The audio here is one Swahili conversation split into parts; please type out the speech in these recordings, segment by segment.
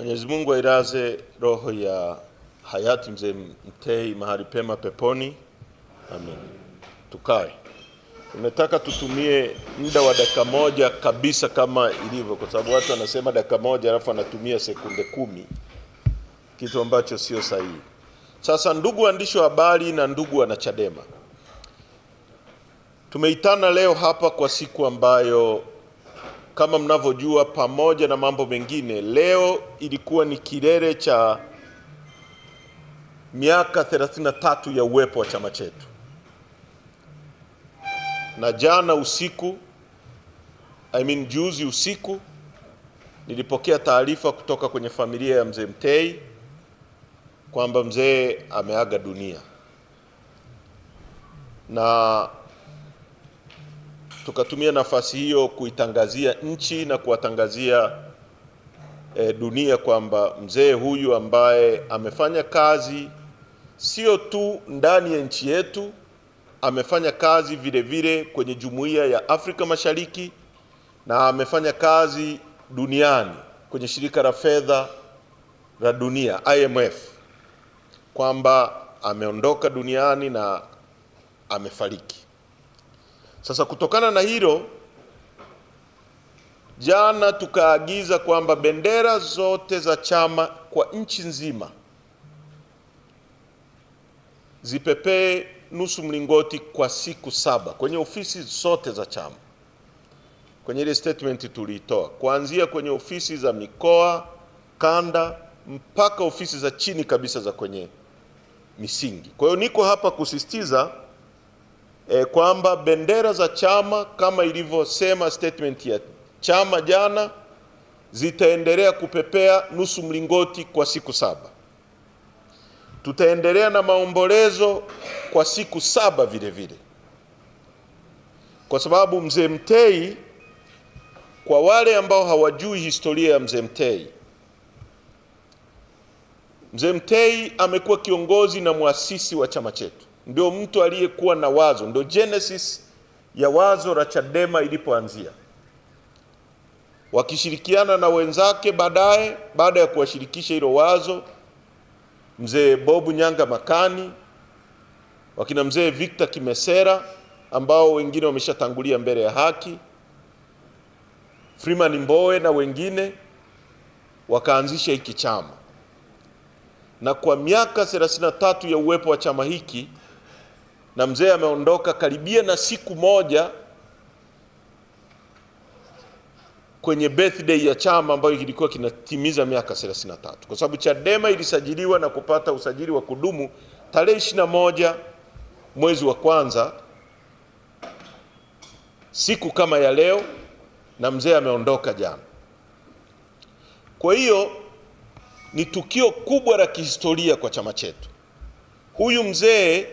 Mwenyezi Mungu airaze roho ya hayati mzee Mtei mahali pema peponi, amen. Tukae, tunataka tutumie muda wa dakika moja kabisa kama ilivyo, kwa sababu watu wanasema dakika moja alafu anatumia sekunde kumi, kitu ambacho sio sahihi. Sasa ndugu waandishi wa habari na ndugu wanachadema, tumeitana leo hapa kwa siku ambayo kama mnavyojua, pamoja na mambo mengine, leo ilikuwa ni kilele cha miaka 33 ya uwepo wa chama chetu, na jana usiku I mean, juzi usiku nilipokea taarifa kutoka kwenye familia ya mzee Mtei kwamba mzee ameaga dunia na tukatumia nafasi hiyo kuitangazia nchi na kuwatangazia e, dunia kwamba mzee huyu ambaye amefanya kazi sio tu ndani ya nchi yetu, amefanya kazi vile vile kwenye jumuiya ya Afrika Mashariki na amefanya kazi duniani kwenye shirika la fedha la dunia IMF, kwamba ameondoka duniani na amefariki. Sasa kutokana na hilo, jana tukaagiza kwamba bendera zote za chama kwa nchi nzima zipepee nusu mlingoti kwa siku saba kwenye ofisi zote za chama. Kwenye ile statement tuliitoa, kuanzia kwenye ofisi za mikoa, kanda, mpaka ofisi za chini kabisa za kwenye misingi. Kwa hiyo niko hapa kusisitiza eh, kwamba bendera za chama kama ilivyosema statement ya chama jana zitaendelea kupepea nusu mlingoti kwa siku saba. Tutaendelea na maombolezo kwa siku saba vile vile, kwa sababu mzee Mtei, kwa wale ambao hawajui historia ya mzee Mtei, mzee Mtei amekuwa kiongozi na mwasisi wa chama chetu ndio mtu aliyekuwa na wazo, ndio genesis ya wazo la Chadema ilipoanzia, wakishirikiana na wenzake baadaye, baada ya kuwashirikisha hilo wazo mzee Bobu Nyanga Makani, wakina mzee Victor Kimesera ambao wengine wameshatangulia mbele ya haki, Freeman Mbowe na wengine wakaanzisha hiki chama, na kwa miaka 33 ya uwepo wa chama hiki na mzee ameondoka karibia na siku moja kwenye birthday ya chama ambayo kilikuwa kinatimiza miaka 33 kwa sababu Chadema ilisajiliwa na kupata usajili wa kudumu tarehe 21 mwezi wa kwanza siku kama ya leo, na mzee ameondoka jana. Kwa hiyo ni tukio kubwa la kihistoria kwa chama chetu. Huyu mzee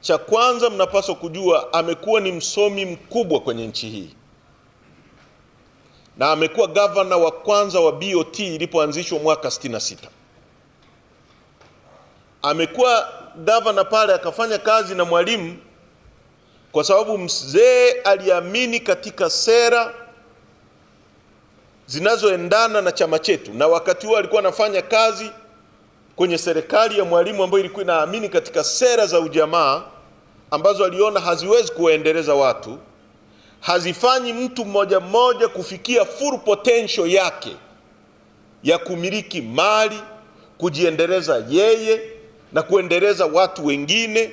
cha kwanza mnapaswa kujua, amekuwa ni msomi mkubwa kwenye nchi hii na amekuwa gavana wa kwanza wa BOT ilipoanzishwa mwaka 66. Amekuwa gavana pale, akafanya kazi na Mwalimu kwa sababu mzee aliamini katika sera zinazoendana na chama chetu, na wakati huo alikuwa anafanya kazi kwenye serikali ya Mwalimu ambayo ilikuwa inaamini katika sera za ujamaa ambazo aliona haziwezi kuwaendeleza watu, hazifanyi mtu mmoja mmoja kufikia full potential yake ya kumiliki mali, kujiendeleza yeye na kuendeleza watu wengine.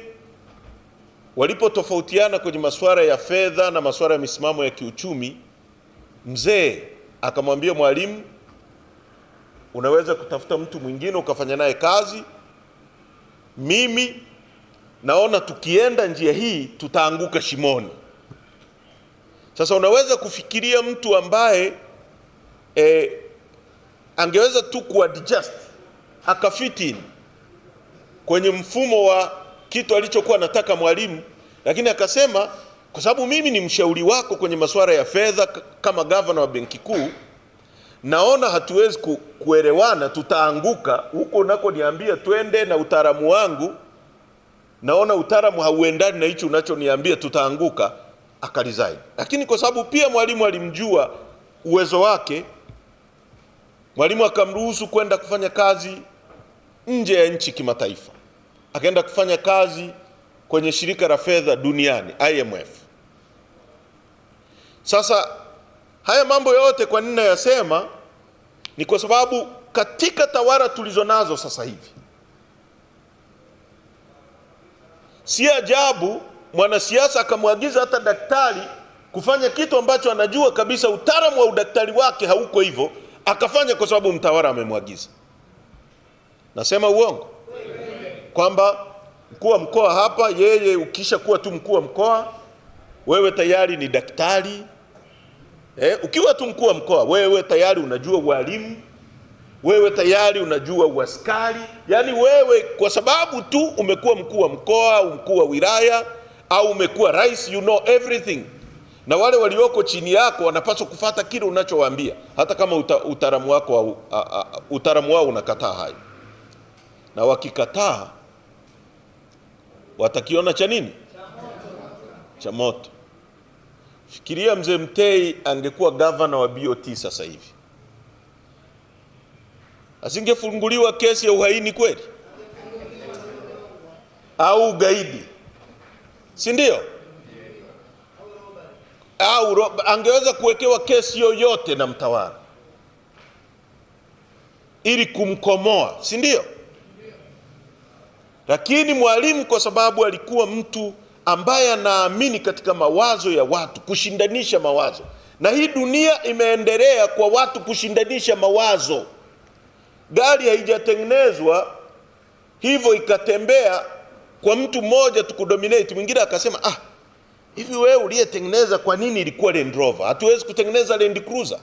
Walipotofautiana kwenye masuala ya fedha na masuala ya misimamo ya kiuchumi, mzee akamwambia Mwalimu unaweza kutafuta mtu mwingine ukafanya naye kazi. Mimi naona tukienda njia hii tutaanguka shimoni. Sasa unaweza kufikiria mtu ambaye e, angeweza tu kuadjust akafit in kwenye mfumo wa kitu alichokuwa anataka mwalimu, lakini akasema kwa sababu mimi ni mshauri wako kwenye masuala ya fedha kama gavana wa benki kuu naona hatuwezi kuelewana, tutaanguka huko unakoniambia twende na utaalamu wangu, naona utaalamu hauendani na hicho unachoniambia, tutaanguka. Akarizaini, lakini kwa sababu pia mwalimu alimjua uwezo wake, mwalimu akamruhusu kwenda kufanya kazi nje ya nchi, kimataifa, akaenda kufanya kazi kwenye shirika la fedha duniani IMF. Sasa Haya mambo yote kwa nini nayasema? Ni kwa sababu katika tawara tulizo nazo sasa hivi, si ajabu mwanasiasa akamwagiza hata daktari kufanya kitu ambacho anajua kabisa utaalamu wa udaktari wake hauko hivyo, akafanya kwa sababu mtawara amemwagiza. Nasema uongo? Kwamba mkuu wa mkoa hapa, yeye ukisha kuwa tu mkuu wa mkoa, wewe tayari ni daktari Eh, ukiwa tu mkuu wa mkoa wewe tayari unajua walimu, wewe tayari unajua uaskari, yaani wewe kwa sababu tu umekuwa mkuu wa mkoa au mkuu wa wilaya au umekuwa rais, you know everything, na wale walioko chini yako wanapaswa kufata kile unachowaambia, hata kama uta, utaramu wako utaramu wao unakataa hayo, na wakikataa watakiona cha nini? Cha moto. Fikiria mzee Mtei angekuwa gavana wa BOT sasa hivi, asingefunguliwa kesi ya uhaini kweli au ugaidi, si ndio? Au angeweza kuwekewa kesi yoyote na mtawala ili kumkomoa, si ndio? Lakini Mwalimu kwa sababu alikuwa mtu ambaye anaamini katika mawazo ya watu, kushindanisha mawazo. Na hii dunia imeendelea kwa watu kushindanisha mawazo. Gari haijatengenezwa hivyo ikatembea kwa mtu mmoja tukudominate, mwingine akasema ah, hivi wewe uliyetengeneza, kwa nini ilikuwa Land Rover? Hatuwezi kutengeneza Land Cruiser,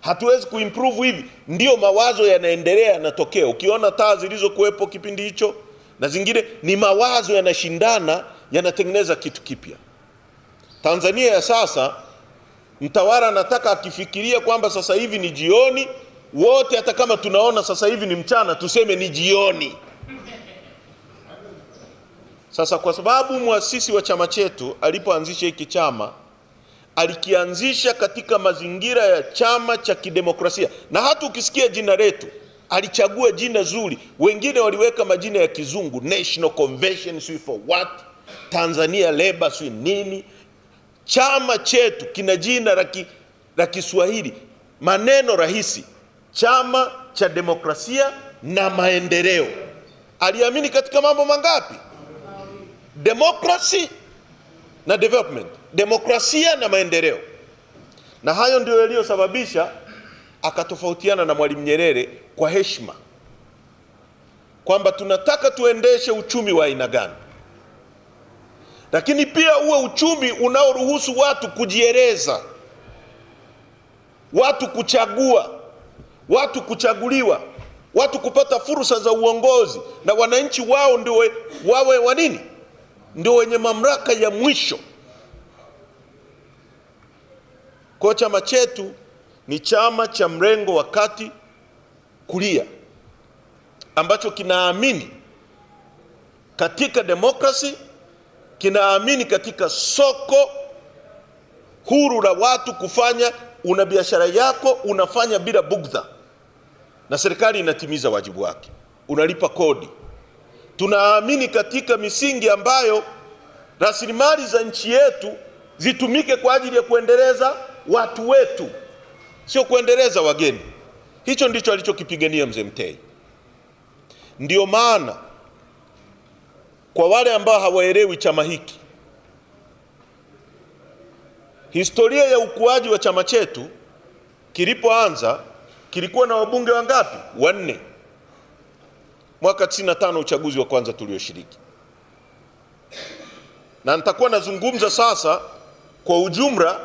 hatuwezi kuimprove hivi. Ndiyo mawazo yanaendelea yanatokea. Ukiona taa zilizokuwepo kipindi hicho na zingine, ni mawazo yanashindana yanatengeneza kitu kipya. Tanzania ya sasa, mtawala anataka akifikiria kwamba sasa hivi ni jioni, wote hata kama tunaona sasa hivi ni mchana, tuseme ni jioni. Sasa kwa sababu mwasisi wa chama chetu alipoanzisha hiki chama alikianzisha katika mazingira ya chama cha kidemokrasia, na hata ukisikia jina letu alichagua jina zuri. Wengine waliweka majina ya kizungu, National Convention, si for what Tanzania Leba si nini, chama chetu kina jina la Kiswahili, maneno rahisi, chama cha demokrasia na maendeleo. Aliamini katika mambo mangapi? Democracy na development, demokrasia na maendeleo. Na hayo ndio yaliyosababisha akatofautiana na Mwalimu Nyerere kwa heshima, kwamba tunataka tuendeshe uchumi wa aina gani lakini pia uwe uchumi unaoruhusu watu kujieleza, watu kuchagua, watu kuchaguliwa, watu kupata fursa za uongozi, na wananchi wao ndio wawe wanini, ndio wenye mamlaka ya mwisho. Kwa chama chetu ni chama cha mrengo wa kati kulia ambacho kinaamini katika demokrasi kinaamini katika soko huru la watu kufanya, una biashara yako unafanya bila bugdha, na serikali inatimiza wajibu wake, unalipa kodi. Tunaamini katika misingi ambayo rasilimali za nchi yetu zitumike kwa ajili ya kuendeleza watu wetu, sio kuendeleza wageni. Hicho ndicho alichokipigania mzee Mtei, ndiyo maana kwa wale ambao hawaelewi chama hiki, historia ya ukuaji wa chama chetu, kilipoanza kilikuwa na wabunge wangapi? Wanne. Mwaka 95 uchaguzi wa kwanza tulioshiriki, na nitakuwa nazungumza sasa kwa ujumla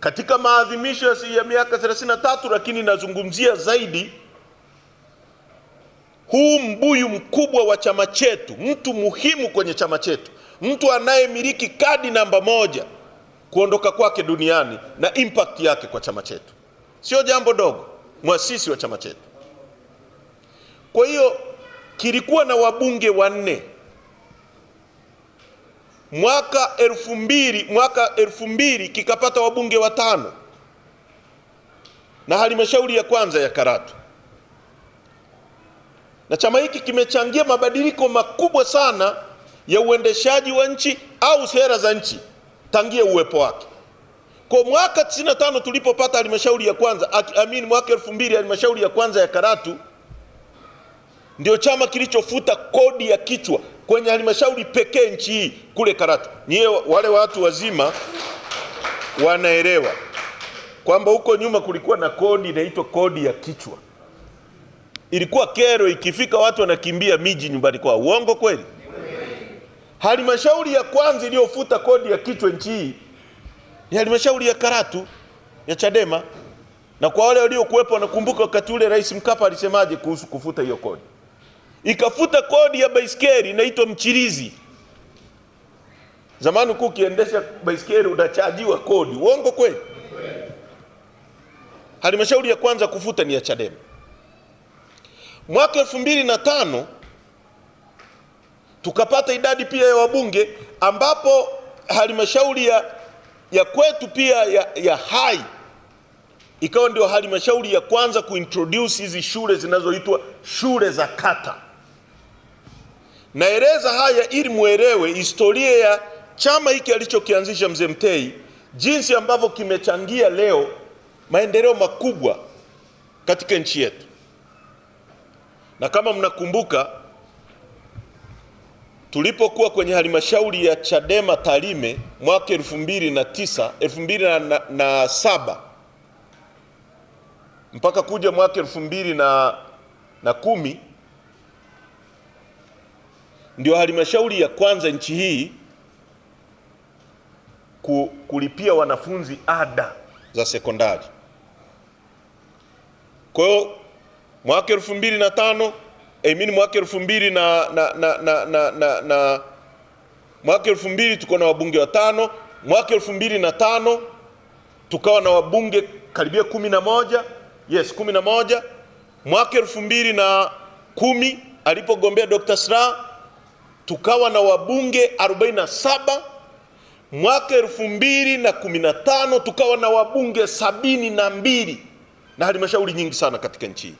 katika maadhimisho ya miaka 33, lakini nazungumzia zaidi huu mbuyu mkubwa wa chama chetu, mtu muhimu kwenye chama chetu, mtu anayemiliki kadi namba moja, kuondoka kwake duniani na impact yake kwa chama chetu sio jambo dogo, mwasisi wa chama chetu. Kwa hiyo kilikuwa na wabunge wanne mwaka elfu mbili mwaka elfu mbili kikapata wabunge watano na halmashauri ya kwanza ya Karatu na chama hiki kimechangia mabadiliko makubwa sana ya uendeshaji wa nchi au sera za nchi tangia uwepo wake. Kwa mwaka 95 tulipopata halmashauri ya kwanza amini, mwaka 2000 halmashauri ya kwanza ya Karatu ndio chama kilichofuta kodi ya kichwa kwenye halmashauri pekee nchi hii kule Karatu. Nyie wale watu wazima wanaelewa kwamba huko nyuma kulikuwa na kodi inaitwa kodi ya kichwa. Ilikuwa kero ikifika watu wanakimbia miji nyumbani kwao. Uongo kweli? Halmashauri ya kwanza iliyofuta kodi ya kichwa nchi hii ni halmashauri ya Karatu ya Chadema, na kwa wale waliokuwepo wanakumbuka wakati ule Rais Mkapa alisemaje kuhusu kufuta hiyo kodi? Ikafuta kodi ya baisikeli inaitwa mchirizi. Zamani huku ukiendesha baisikeli unachajiwa kodi. Uongo kweli? Halmashauri ya kwanza kufuta ni ya Chadema. Mwaka elfu mbili na tano tukapata idadi pia ya wabunge ambapo halmashauri ya, ya kwetu pia ya, ya Hai ikawa ndio halmashauri ya kwanza kuintroduce hizi shule zinazoitwa shule za kata. Naeleza haya ili mwelewe historia ya chama hiki alichokianzisha mzee Mtei, jinsi ambavyo kimechangia leo maendeleo makubwa katika nchi yetu. Na kama mnakumbuka tulipokuwa kwenye halmashauri ya Chadema Tarime mwaka elfu mbili na tisa elfu mbili na, na, na saba mpaka kuja mwaka elfu mbili na, na kumi ndio halmashauri ya kwanza nchi hii ku, kulipia wanafunzi ada za sekondari. Kwa hiyo mwaka elfu mbili na tano eh, mean mwaka elfu mbili na, na, na, na, na, na, na mwaka elfu mbili tuko na wabunge watano. Mwaka elfu mbili na tano tukawa na wabunge karibia kumi na moja yes, kumi na moja. Mwaka elfu mbili na kumi alipogombea Dr. Sra tukawa na wabunge 47. Mwaka elfu mbili na kumi na tano tukawa na wabunge sabini na mbili na halmashauri nyingi sana katika nchi hii.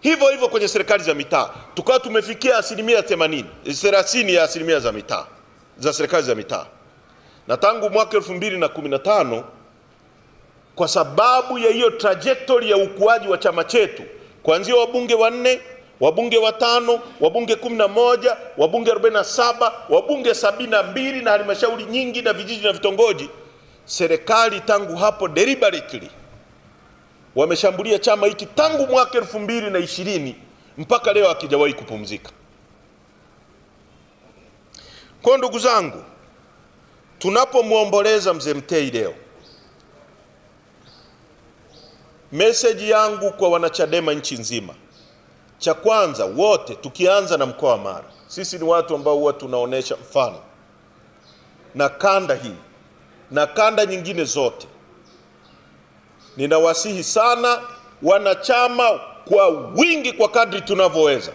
Hivyo hivyo kwenye serikali za mitaa tukawa tumefikia asilimia 80 30 ya asilimia za mitaa za serikali za mitaa, na tangu mwaka 2015 kwa sababu ya hiyo trajectory ya ukuaji wa chama chetu kuanzia wabunge wanne wabunge watano wabunge 11 wabunge 47 wabunge 72 na halmashauri nyingi na vijiji na vitongoji, serikali tangu hapo deliberately wameshambulia chama hiki tangu mwaka elfu mbili na ishirini mpaka leo hakijawahi kupumzika. Kwa ndugu zangu, tunapomwomboleza mzee Mtei leo, meseji yangu kwa wanachadema nchi nzima, cha kwanza wote, tukianza na mkoa wa Mara, sisi ni watu ambao huwa tunaonyesha mfano na kanda hii na kanda nyingine zote Ninawasihi sana wanachama kwa wingi, kwa kadri tunavyoweza,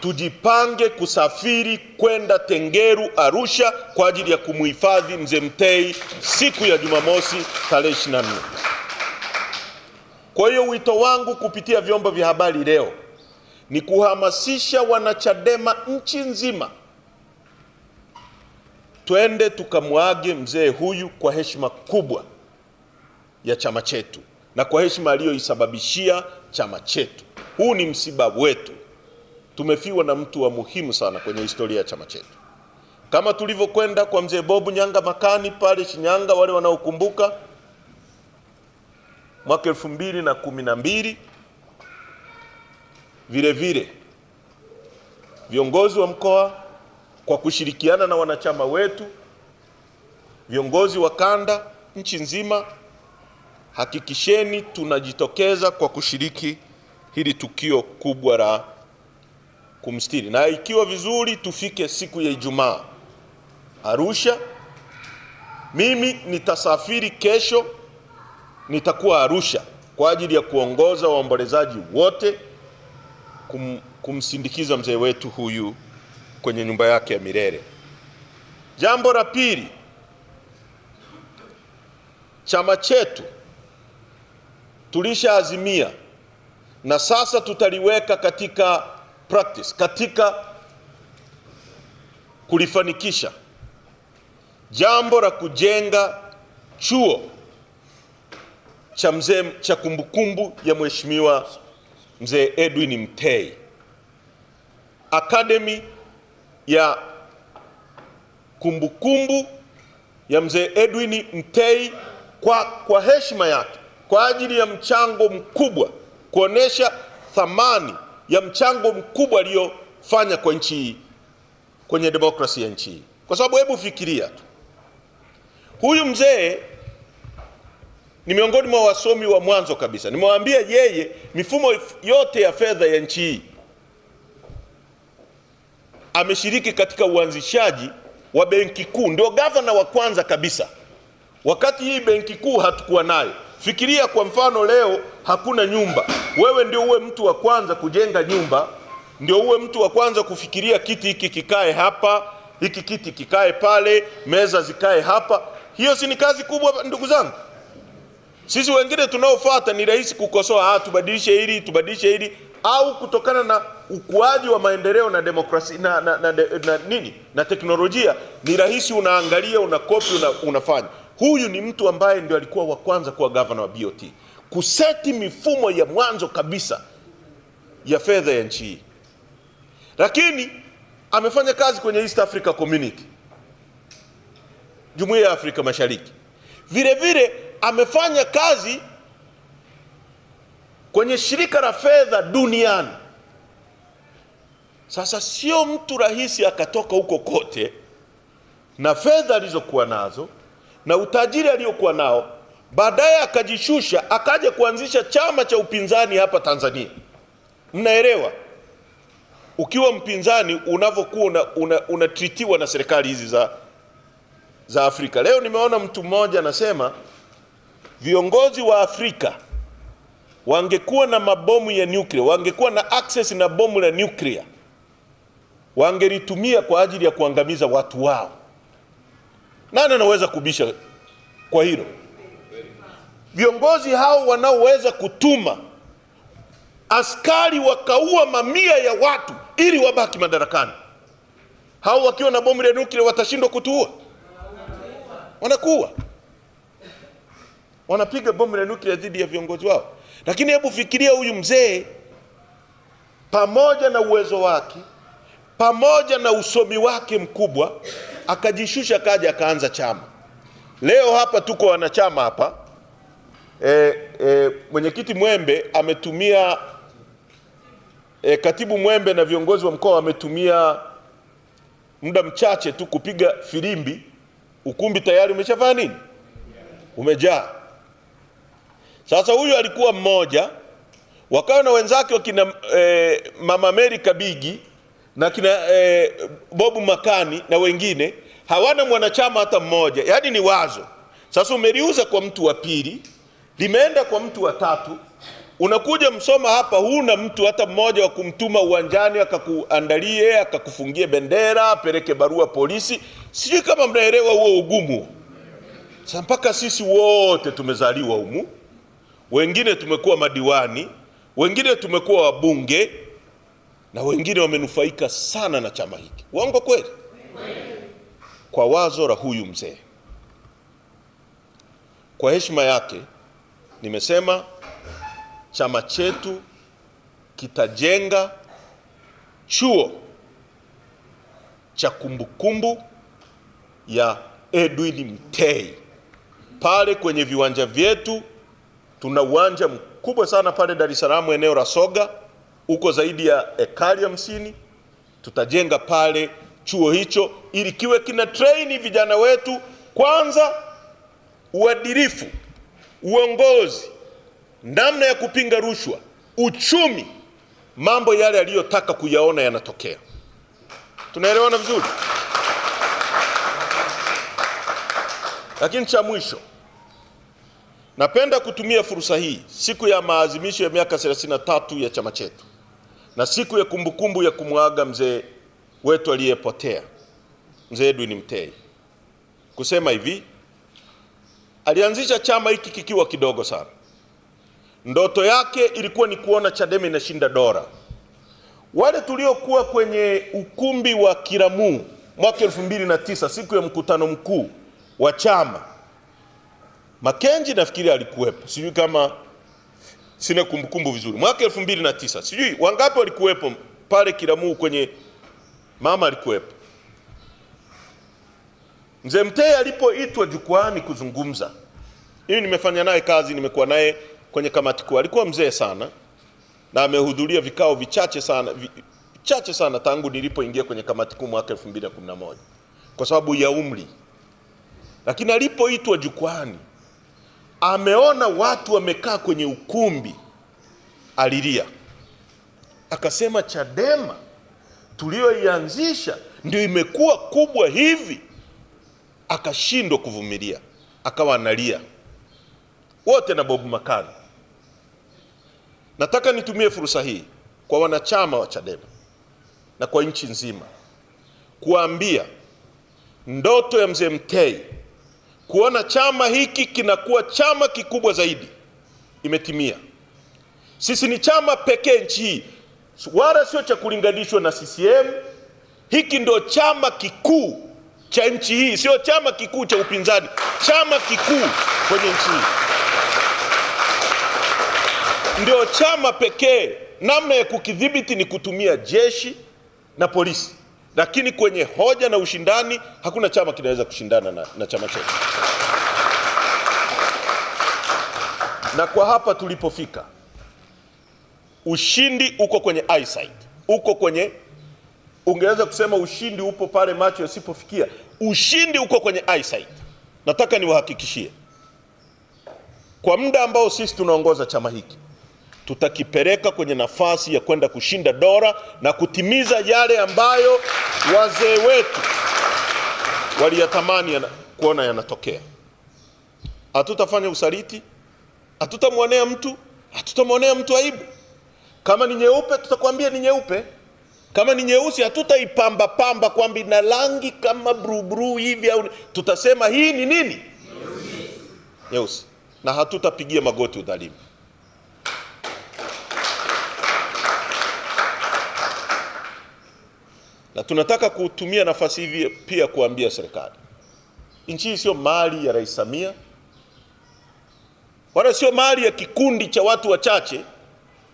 tujipange kusafiri kwenda Tengeru, Arusha, kwa ajili ya kumhifadhi mzee Mtei siku ya Jumamosi tarehe 24. Kwa hiyo wito wangu kupitia vyombo vya habari leo ni kuhamasisha wanachadema nchi nzima, twende tukamwage mzee huyu kwa heshima kubwa ya chama chetu na kwa heshima aliyoisababishia chama chetu. Huu ni msiba wetu, tumefiwa na mtu wa muhimu sana kwenye historia ya chama chetu. Kama tulivyokwenda kwa mzee Bobu Nyanga Makani pale Shinyanga, wale wanaokumbuka mwaka elfu mbili na kumi na mbili vile vile viongozi wa mkoa kwa kushirikiana na wanachama wetu, viongozi wa kanda nchi nzima hakikisheni tunajitokeza kwa kushiriki hili tukio kubwa la kumstiri, na ikiwa vizuri tufike siku ya Ijumaa Arusha. Mimi nitasafiri kesho, nitakuwa Arusha kwa ajili ya kuongoza waombolezaji wote kum, kumsindikiza mzee wetu huyu kwenye nyumba yake ya milele. Jambo la pili, chama chetu tulishaazimia na sasa tutaliweka katika practice, katika kulifanikisha jambo la kujenga chuo cha mzee cha kumbukumbu ya mheshimiwa mzee Edwin Mtei, akademi ya kumbukumbu ya mzee Edwin Mtei kwa, kwa heshima yake kwa ajili ya mchango mkubwa, kuonesha thamani ya mchango mkubwa aliyofanya kwa nchi hii, kwenye demokrasia ya nchi hii, kwa sababu hebu fikiria tu, huyu mzee ni miongoni mwa wasomi wa mwanzo kabisa. Nimewaambia yeye mifumo yote ya fedha ya nchi hii ameshiriki katika uanzishaji wa benki kuu, ndio gavana wa kwanza kabisa. Wakati hii benki kuu hatukuwa nayo. Fikiria kwa mfano leo hakuna nyumba, wewe ndio uwe mtu wa kwanza kujenga nyumba, ndio uwe mtu wa kwanza kufikiria kiti hiki kikae hapa, hiki kiti kikae pale, meza zikae hapa. Hiyo si ni kazi kubwa, ndugu zangu? Sisi wengine tunaofuata ni rahisi kukosoa, ah, tubadilishe hili tubadilishe hili, au kutokana na ukuaji wa maendeleo na demokrasi na, na, na, na, na, nini na teknolojia, ni rahisi unaangalia, unakopi, una, unafanya Huyu ni mtu ambaye ndio alikuwa wa kwanza kuwa gavana wa BOT, kuseti mifumo ya mwanzo kabisa ya fedha ya nchi hii, lakini amefanya kazi kwenye East Africa Community, Jumuiya ya Afrika Mashariki. Vile vile amefanya kazi kwenye shirika la fedha duniani. Sasa sio mtu rahisi akatoka huko kote na fedha alizokuwa nazo na utajiri aliyokuwa nao, baadaye akajishusha akaja kuanzisha chama cha upinzani hapa Tanzania. Mnaelewa ukiwa mpinzani unavyokuwa unatritiwa una, una na serikali hizi za, za Afrika. Leo nimeona mtu mmoja anasema viongozi wa Afrika wangekuwa na mabomu ya nuclear, wangekuwa na access na bomu la nuclear, wangelitumia kwa ajili ya kuangamiza watu wao. Nani anaweza kubisha kwa hilo? Viongozi hao wanaoweza kutuma askari wakaua mamia ya watu ili wabaki madarakani, hao wakiwa na bomu la nuklia watashindwa kutuua? Wanakuwa wanapiga bomu la nuklia dhidi ya viongozi wao. Lakini hebu fikiria huyu mzee, pamoja na uwezo wake, pamoja na usomi wake mkubwa akajishusha kaja akaanza chama. Leo hapa tuko wanachama hapa e, e, mwenyekiti Mwembe ametumia e, katibu Mwembe na viongozi wa mkoa wametumia muda mchache tu kupiga filimbi, ukumbi tayari umeshafanya nini, umejaa. Sasa huyu alikuwa mmoja, wakawa na wenzake wakina e, mama Mary Kabigi na kina e, Bobu Makani na wengine hawana mwanachama hata mmoja, yaani ni wazo. Sasa umeliuza kwa mtu wa pili, limeenda kwa mtu wa tatu, unakuja Msoma hapa huna mtu hata mmoja wa kumtuma uwanjani akakuandalie, akakufungie bendera, apeleke barua polisi. Sijui kama mnaelewa huo ugumu. Sasa mpaka sisi wote tumezaliwa humu, wengine tumekuwa madiwani, wengine tumekuwa wabunge na wengine wamenufaika sana na chama hiki. Uongo kweli? Kwa wazo la huyu mzee, kwa heshima yake nimesema chama chetu kitajenga chuo cha kumbukumbu ya Edwin Mtei pale kwenye viwanja vyetu. Tuna uwanja mkubwa sana pale Dar es Salaam, eneo la Soga uko zaidi ya ekari hamsini. Tutajenga pale chuo hicho ili kiwe kina treini vijana wetu kwanza, uadilifu, uongozi, namna ya kupinga rushwa, uchumi, mambo yale aliyotaka kuyaona yanatokea. Tunaelewana vizuri? Lakini cha mwisho, napenda kutumia fursa hii siku ya maadhimisho ya miaka 33 ya chama chetu na siku ya kumbukumbu ya kumwaga mzee wetu aliyepotea mzee Edwin Mtei kusema hivi, alianzisha chama hiki kikiwa kidogo sana. Ndoto yake ilikuwa ni kuona Chadema inashinda dola. Wale tuliokuwa kwenye ukumbi wa Kiramuu mwaka 2009 siku ya mkutano mkuu wa chama, Makenji nafikiri alikuwepo, sijui kama sina kumbukumbu vizuri, mwaka elfu mbili na tisa sijui wangapi walikuwepo pale kiramuu kwenye mama alikuwepo. Mzee Mtei alipoitwa jukwani kuzungumza, hii nimefanya naye kazi, nimekuwa naye kwenye kamati kuu. Alikuwa mzee sana na amehudhuria vikao vichache sana, vichache sana tangu nilipoingia kwenye kamati kuu mwaka 2011 kwa sababu ya umri, lakini alipoitwa jukwani ameona watu wamekaa kwenye ukumbi, alilia akasema, Chadema tuliyoianzisha ndio imekuwa kubwa hivi. Akashindwa kuvumilia, akawa analia wote na Bob Makani. Nataka nitumie fursa hii kwa wanachama wa Chadema na kwa nchi nzima kuambia ndoto ya mzee Mtei kuona chama hiki kinakuwa chama kikubwa zaidi imetimia. Sisi ni chama pekee nchi hii, wala sio cha kulinganishwa na CCM. Hiki ndo chama kikuu cha nchi hii, sio chama kikuu cha upinzani, chama kikuu kwenye nchi hii, ndio chama pekee. Namna ya kukidhibiti ni kutumia jeshi na polisi lakini kwenye hoja na ushindani hakuna chama kinaweza kushindana na, na chama chetu. Na kwa hapa tulipofika, ushindi uko kwenye eyesight, uko kwenye ungeweza kusema ushindi upo pale macho yasipofikia. Ushindi uko kwenye eyesight. Nataka niwahakikishie kwa muda ambao sisi tunaongoza chama hiki tutakipeleka kwenye nafasi ya kwenda kushinda dora na kutimiza yale ambayo wazee wetu waliyatamani yana, kuona yanatokea. Hatutafanya usaliti, hatutamwonea mtu, hatutamwonea mtu aibu. Kama ni nyeupe, tutakwambia ni nyeupe. Kama ni nyeusi, hatutaipamba pamba kwamba ina rangi kama buruburu hivi, au tutasema hii ni nini, nyeusi, na hatutapigia magoti udhalimu. na tunataka kutumia nafasi hivi pia kuambia serikali, nchi hii sio mali ya Rais Samia wala sio mali ya kikundi cha watu wachache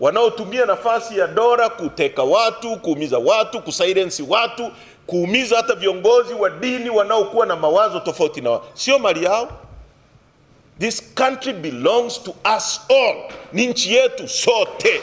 wanaotumia nafasi ya dola kuteka watu, kuumiza watu, kusilence watu, kuumiza hata viongozi wa dini wanaokuwa na mawazo tofauti na wao. Sio mali yao. This country belongs to us all. Ni nchi yetu sote.